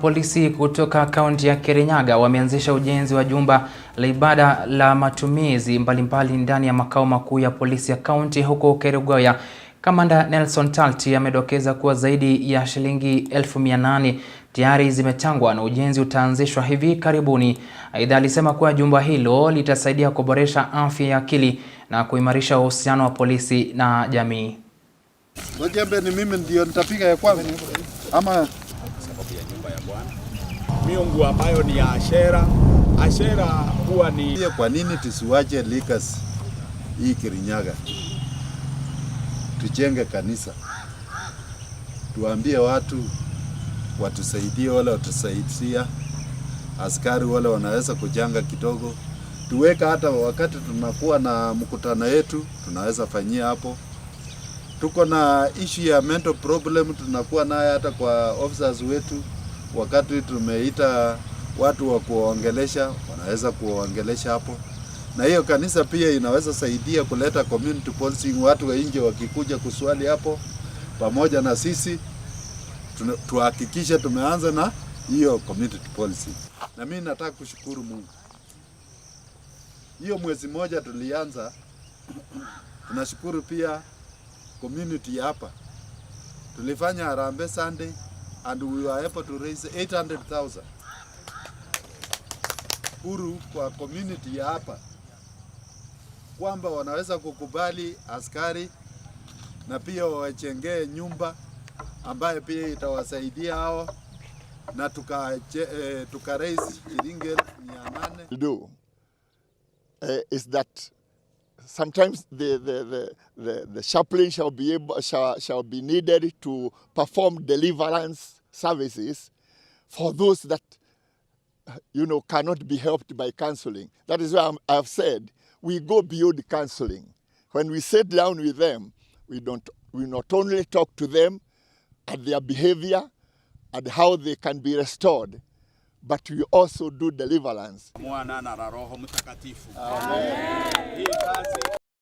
polisi kutoka kaunti ya Kirinyaga wameanzisha ujenzi wa jumba la ibada la matumizi mbalimbali ndani ya makao makuu ya polisi ya kaunti huko Kerugoya. Kamanda Nelson Talti amedokeza kuwa zaidi ya shilingi elfu mia nane tayari zimetangwa na ujenzi utaanzishwa hivi karibuni. Aidha, alisema kuwa jumba hilo litasaidia kuboresha afya ya akili na kuimarisha uhusiano wa polisi na jamii. Wajembe ni mimi ndio nitapiga ya kwanza ama miungu ambayo ni ya Ashera. Ashera huwa ni kwa nini tusiwache likas hii Kirinyaga, tujenge kanisa, tuambie watu watusaidie, wale watusaidia askari wale wanaweza kujanga kidogo, tuweka hata wakati tunakuwa na mkutano yetu tunaweza fanyia hapo. Tuko na issue ya mental problem tunakuwa naye hata kwa officers wetu. Wakati tumeita watu wa kuwaongelesha, wanaweza kuwaongelesha hapo, na hiyo kanisa pia inaweza saidia kuleta community policing. Watu wa nje wakikuja kuswali hapo pamoja na sisi, tuhakikishe tumeanza na hiyo community policy. Na mimi nataka kushukuru Mungu, hiyo mwezi moja tulianza. Tunashukuru pia community hapa, tulifanya Harambee Sunday and we were able to raise 800,000 huru kwa community ya hapa kwamba wanaweza kukubali askari na pia wawachengee nyumba ambayo pia itawasaidia hao na tuka, eh, tuka raise shilingi 800. Do, eh, is that sometimes the, the, the, the, chaplain shall be, able, shall, shall be needed to perform deliverance services for those that, you know, cannot be helped by counseling. That is why i I've said we go beyond counseling. When we sit down with them, we, don't, we not only talk to them at their behavior and how they can be restored, but we also do deliverance. Mwanana la Amen. Amen.